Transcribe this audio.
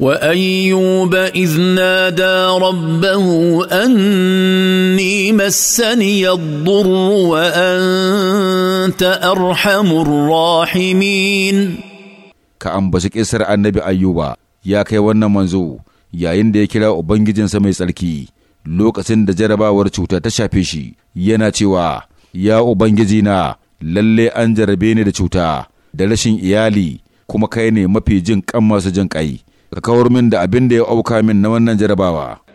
وايوب اذ نادى ربه اني مسني الضر وانت ارحم الراحمين ka ambaci kisar annabi ayyuba ya kai wannan manzo yayin da ya kira ubangijinsa mai tsarki lokacin da jarabawar cuta ta shafe shi yana cewa ya ubangiji na lallai an jarabe ni da cuta da rashin iyali kuma kai ne mafi jin kan masu jin ƙai ka kawar min da abin da ya auka min na wannan jarabawa